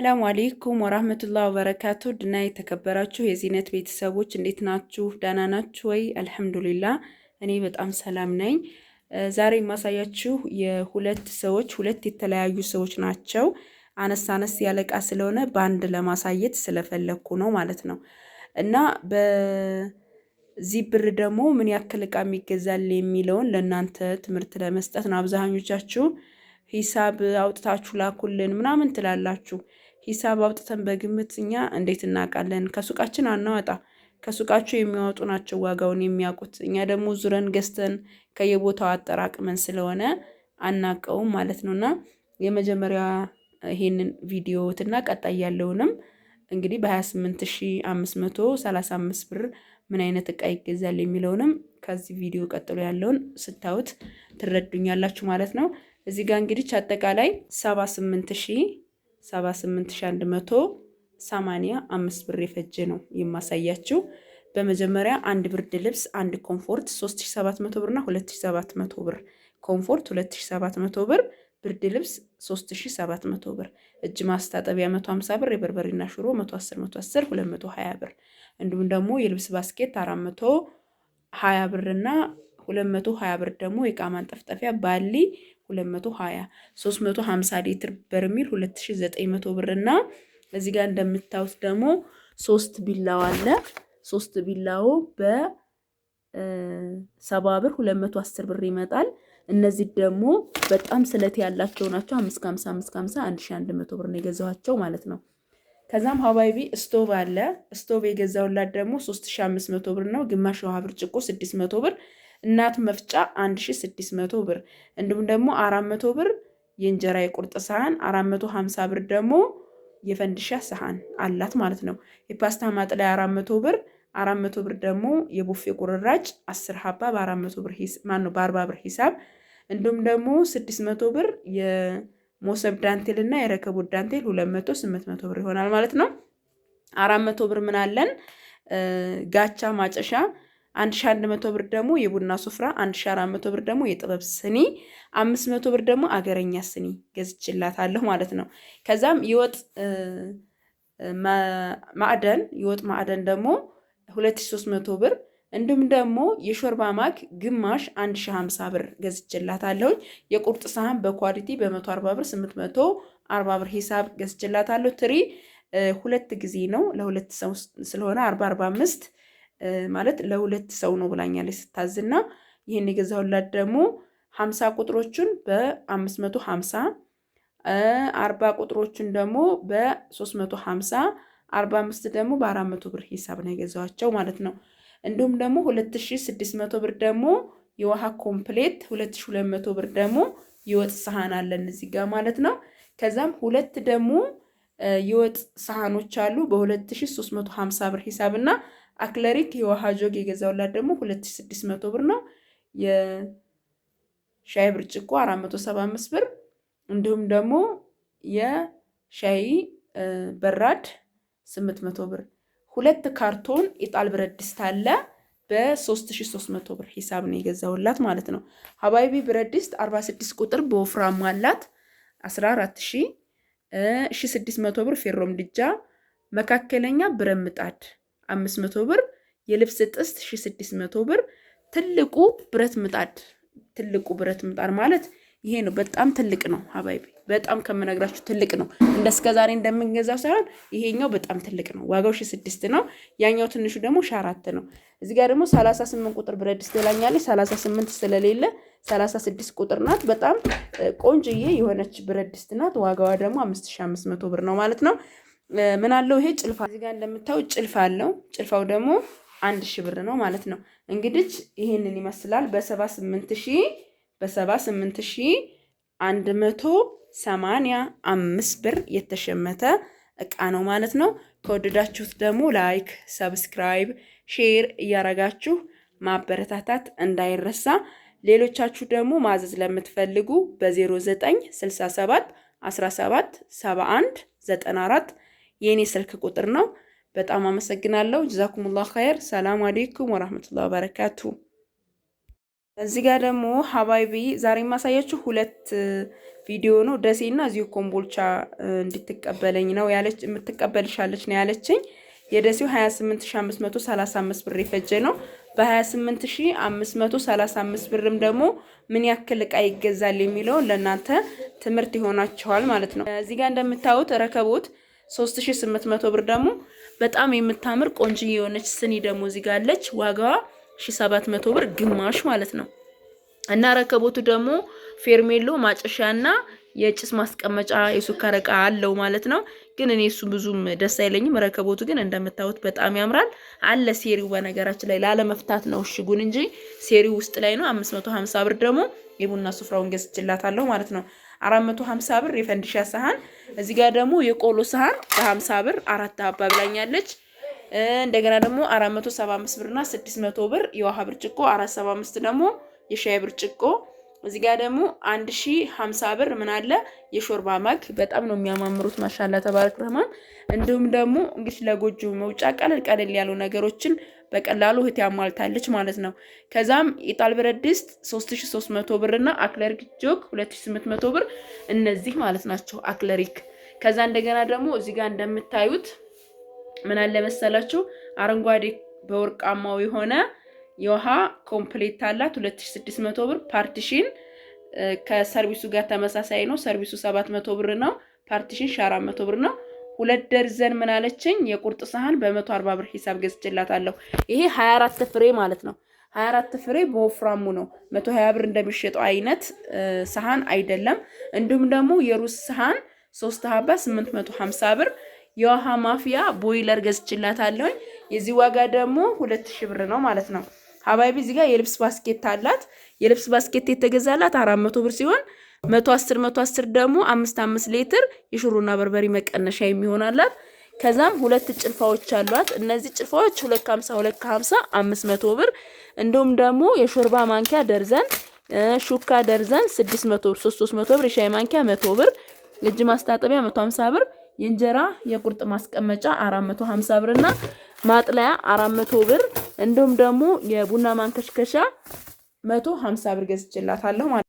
ሰላም አሌይኩም ወራህመቱላ ወበረካቱ ድና የተከበራችሁ የዚህነት ቤተሰቦች እንዴት ናችሁ? ደህና ናችሁ ወይ? አልሐምዱሊላ እኔ በጣም ሰላም ነኝ። ዛሬ የማሳያችሁ የሁለት ሰዎች ሁለት የተለያዩ ሰዎች ናቸው። አነስ አነስ ያለ እቃ ስለሆነ በአንድ ለማሳየት ስለፈለግኩ ነው ማለት ነው። እና በዚህ ብር ደግሞ ምን ያክል እቃ የሚገዛል የሚለውን ለእናንተ ትምህርት ለመስጠት ነው። አብዛኞቻችሁ ሂሳብ አውጥታችሁ ላኩልን ምናምን ትላላችሁ ሂሳብ አውጥተን በግምት እኛ እንዴት እናውቃለን? ከሱቃችን አናወጣ። ከሱቃቸው የሚያወጡ ናቸው ዋጋውን የሚያውቁት። እኛ ደግሞ ዙረን ገዝተን ከየቦታው አጠራቅመን ስለሆነ አናቀውም ማለት ነው። እና የመጀመሪያ ይሄንን ቪዲዮትና ቀጣይ ያለውንም እንግዲህ በ28535 ብር ምን አይነት እቃ ይገዛል የሚለውንም ከዚህ ቪዲዮ ቀጥሎ ያለውን ስታዩት ትረዱኛላችሁ ማለት ነው። እዚህ ጋር እንግዲህ አጠቃላይ ሺህ 78185 ብር የፈጀ ነው የማሳያችው በመጀመሪያ አንድ ብርድ ልብስ አንድ ኮምፎርት 3700 ብርና 2700 ብር፣ ኮምፎርት 2700 ብር፣ ብርድ ልብስ 3700 ብር፣ እጅ ማስታጠቢያ 150 ብር፣ የበርበሬና ሽሮ 110 110 220 ብር፣ እንዲሁም ደግሞ የልብስ ባስኬት 420 ብር ብርና። 220 ብር ደግሞ የእቃ ማንጠፍጠፊያ ባሊ 220፣ 350 ሊትር በርሚል 2900 ብር እና እዚህ ጋር እንደምታዩት ደግሞ ሶስት ቢላው አለ። ሶስት ቢላው በሰባ ብር 210 ብር ይመጣል። እነዚህ ደግሞ በጣም ስለት ያላቸው ናቸው። 550 1100 ብር ነው የገዛኋቸው ማለት ነው። ከዛም ሀባይቢ ስቶቭ አለ። ስቶቭ የገዛውላት ደግሞ 3500 ብር ነው። ግማሽ ውሃ ብርጭቆ 600 ብር እናት መፍጫ 1600 ብር እንዲሁም ደግሞ 400 ብር የእንጀራ የቁርጥ ሳህን 450 ብር ደግሞ የፈንድሻ ሳህን አላት ማለት ነው። የፓስታ ማጥለያ 400 ብር 400 ብር ደግሞ የቡፌ ቁርራጭ 10 ሀባ በ400 ብር ሂሳብ ማን ነው በ40 ብር ሂሳብ እንዲሁም ደግሞ 600 ብር የሞሰብ ዳንቴል እና የረከቦት ዳንቴል 200 800 ብር ይሆናል ማለት ነው። 400 ብር ምን አለን ጋቻ ማጨሻ አንድ ሺ አንድ መቶ ብር ደግሞ የቡና ሱፍራ፣ አንድ ሺ አራት መቶ ብር ደግሞ የጥበብ ስኒ፣ አምስት መቶ ብር ደግሞ አገረኛ ስኒ ገዝችላታለሁ ማለት ነው። ከዛም የወጥ ማዕደን የወጥ ማዕደን ደግሞ ሁለት ሺ ሶስት መቶ ብር እንዲሁም ደግሞ የሾርባ ማክ ግማሽ 1050 ብር ገዝችላታለሁ። የቁርጥ ሳህን በኳሊቲ በ140 ብር 840 ብር ሂሳብ ገዝችላታለሁ። ትሪ ሁለት ጊዜ ነው ለሁለት ሰው ስለሆነ 445 ማለት ለሁለት ሰው ነው ብላኛለች ስታዝና ይህን የገዛሁላት ደግሞ ሀምሳ ቁጥሮቹን በአምስት መቶ ሀምሳ አርባ ቁጥሮቹን ደግሞ በሶስት መቶ ሀምሳ አርባ አምስት ደግሞ በአራት መቶ ብር ሂሳብ ነው የገዛኋቸው ማለት ነው። እንዲሁም ደግሞ ሁለት ሺ ስድስት መቶ ብር ደግሞ የውሃ ኮምፕሌት ሁለት ሺ ሁለት መቶ ብር ደግሞ የወጥ ሰሃን አለን እዚህ ጋር ማለት ነው። ከዛም ሁለት ደግሞ የወጥ ሰሃኖች አሉ በ2350 ብር ሂሳብ እና አክለሪክ የውሃ ጆግ የገዛውላት ደግሞ 2600 ብር ነው። የሻይ ብርጭቆ 475 ብር እንዲሁም ደግሞ የሻይ በራድ 800 ብር። ሁለት ካርቶን ኢጣል ብረት ድስት አለ በ3300 ብር ሂሳብ ነው የገዛውላት ማለት ነው። ሀባይቢ ብረት ድስት 46 ቁጥር በወፍራም አላት 14000 1600 ብር። ፌሮ ምድጃ፣ መካከለኛ ብረት ምጣድ አምስት መቶ ብር፣ የልብስ ጥስት ሺ ስድስት መቶ ብር። ትልቁ ብረት ምጣድ ትልቁ ብረት ምጣድ ማለት ይሄ ነው። በጣም ትልቅ ነው ሀባይቢ፣ በጣም ከምነግራችሁ ትልቅ ነው። እንደ እስከ ዛሬ እንደምንገዛው ሳይሆን ይሄኛው በጣም ትልቅ ነው። ዋጋው ሺ ስድስት ነው። ያኛው ትንሹ ደግሞ ሺ አራት ነው። እዚህ ጋር ደግሞ ሰላሳ ስምንት ቁጥር ብረት ድስት ላኛለች። ሰላሳ ስምንት ስለሌለ ሰላሳ ስድስት ቁጥር ናት። በጣም ቆንጅዬ የሆነች ብረት ድስት ናት። ዋጋዋ ደግሞ አምስት ሺ አምስት መቶ ብር ነው ማለት ነው። ምን አለው ይሄ ጭልፋ እዚህ ጋር እንደምታው ጭልፋ አለው። ጭልፋው ደግሞ አንድ ሺህ ብር ነው ማለት ነው። እንግዲህ ይህንን ይመስላል በሰባ ስምንት ሺህ በሰባ ስምንት ሺህ አንድ መቶ ሰማንያ አምስት ብር የተሸመተ እቃ ነው ማለት ነው። ከወደዳችሁት ደግሞ ላይክ፣ ሰብስክራይብ፣ ሼር እያረጋችሁ ማበረታታት እንዳይረሳ። ሌሎቻችሁ ደግሞ ማዘዝ ለምትፈልጉ በ0967 17 71 94 የእኔ ስልክ ቁጥር ነው። በጣም አመሰግናለሁ። ጀዛኩሙላህ ኸይር። ሰላም አሌይኩም ወራህመቱላህ በረካቱ። እዚህ ጋር ደግሞ ሀባይቢ ዛሬ የማሳያችሁ ሁለት ቪዲዮ ነው። ደሴና እዚሁ ኮምቦልቻ እንድትቀበለኝ ነው ያለች የምትቀበልሻለች ነው ያለችኝ። የደሴው 28535 ብር የፈጀ ነው። በ28535 ብርም ደግሞ ምን ያክል እቃ ይገዛል የሚለውን ለእናንተ ትምህርት ይሆናችኋል ማለት ነው። እዚህ ጋር እንደምታዩት ረከቦት 3800 ብር ደግሞ በጣም የምታምር ቆንጆ የሆነች ስኒ ደግሞ እዚህ ጋር አለች። ዋጋዋ 1700 ብር ግማሽ ማለት ነው። እና ረከቦቱ ደግሞ ፌርሜሎ ማጨሻና የጭስ ማስቀመጫ የሱካር እቃ አለው ማለት ነው። ግን እኔ እሱ ብዙም ደስ አይለኝም። ረከቦቱ ግን እንደምታዩት በጣም ያምራል። አለ ሴሪው በነገራችን ላይ ላለመፍታት ነው እሽጉን እንጂ ሴሪው ውስጥ ላይ ነው። 550 ብር ደግሞ የቡና ስፍራውን ገዝቼላታለሁ ማለት ነው። አራት መቶ ሀምሳ ብር የፈንድሻ ሳህን። እዚህ ጋር ደግሞ የቆሎ ሳህን በሀምሳ ብር አራት ሀባ ብላኛለች። እንደገና ደግሞ አራት መቶ ሰባ አምስት ብርና ስድስት መቶ ብር የውሃ ብርጭቆ፣ አራት ሰባ አምስት ደግሞ የሻይ ብርጭቆ እዚህ ጋር ደግሞ አንድ ሺ ሀምሳ ብር ምን አለ የሾርባ ማግ በጣም ነው የሚያማምሩት። ማሻላ ተባረክ ረህማን። እንዲሁም ደግሞ እንግዲህ ለጎጆ መውጫ ቀለል ቀለል ያሉ ነገሮችን በቀላሉ እህት ያሟልታለች ማለት ነው። ከዛም ኢጣል ብረት ድስት 3300 ብር እና አክለሪክ ጆክ 2800 ብር እነዚህ ማለት ናቸው አክለሪክ። ከዛ እንደገና ደግሞ እዚህ ጋር እንደምታዩት ምን አለ መሰላችሁ አረንጓዴ በወርቃማው የሆነ የውሃ ኮምፕሌት አላት 2600 ብር። ፓርቲሽን ከሰርቪሱ ጋር ተመሳሳይ ነው። ሰርቪሱ 700 ብር ነው። ፓርቲሽን 400 ብር ነው። ሁለት ደርዘን ምናለችኝ የቁርጥ ሳህን በ140 ብር ሂሳብ ገዝቼላታለሁ። ይሄ 24 ፍሬ ማለት ነው። 24 ፍሬ በወፍራሙ ነው 120 ብር እንደሚሸጠው አይነት ሳህን አይደለም። እንዲሁም ደግሞ የሩዝ ሳህን 3 ሀባ 850 ብር። የውሃ ማፍያ ቦይለር ገዝቼላታለሁ። የዚህ ዋጋ ደግሞ 2000 ብር ነው ማለት ነው። ሀባይቢ እዚህ ጋር የልብስ ባስኬት አላት። የልብስ ባስኬት የተገዛላት አራት መቶ ብር ሲሆን መቶ አስር መቶ አስር ደግሞ አምስት አምስት ሌትር የሽሮና በርበሬ መቀነሻ የሚሆናላት። ከዛም ሁለት ጭልፋዎች አሏት። እነዚህ ጭልፋዎች ሁለት ከሀምሳ ሁለት ከሀምሳ አምስት መቶ ብር እንዲሁም ደግሞ የሾርባ ማንኪያ ደርዘን ሹካ ደርዘን ስድስት መቶ ብር ሶስት ሶስት መቶ ብር፣ የሻይ ማንኪያ መቶ ብር፣ እጅ ማስታጠቢያ መቶ 150 ብር፣ የእንጀራ የቁርጥ ማስቀመጫ አራት መቶ ሀምሳ ብር እና ማጥለያ አራት መቶ ብር እንዲሁም ደግሞ የቡና ማንከሽከሻ መቶ ሀምሳ ብር ገዝቼላታለሁ ማለት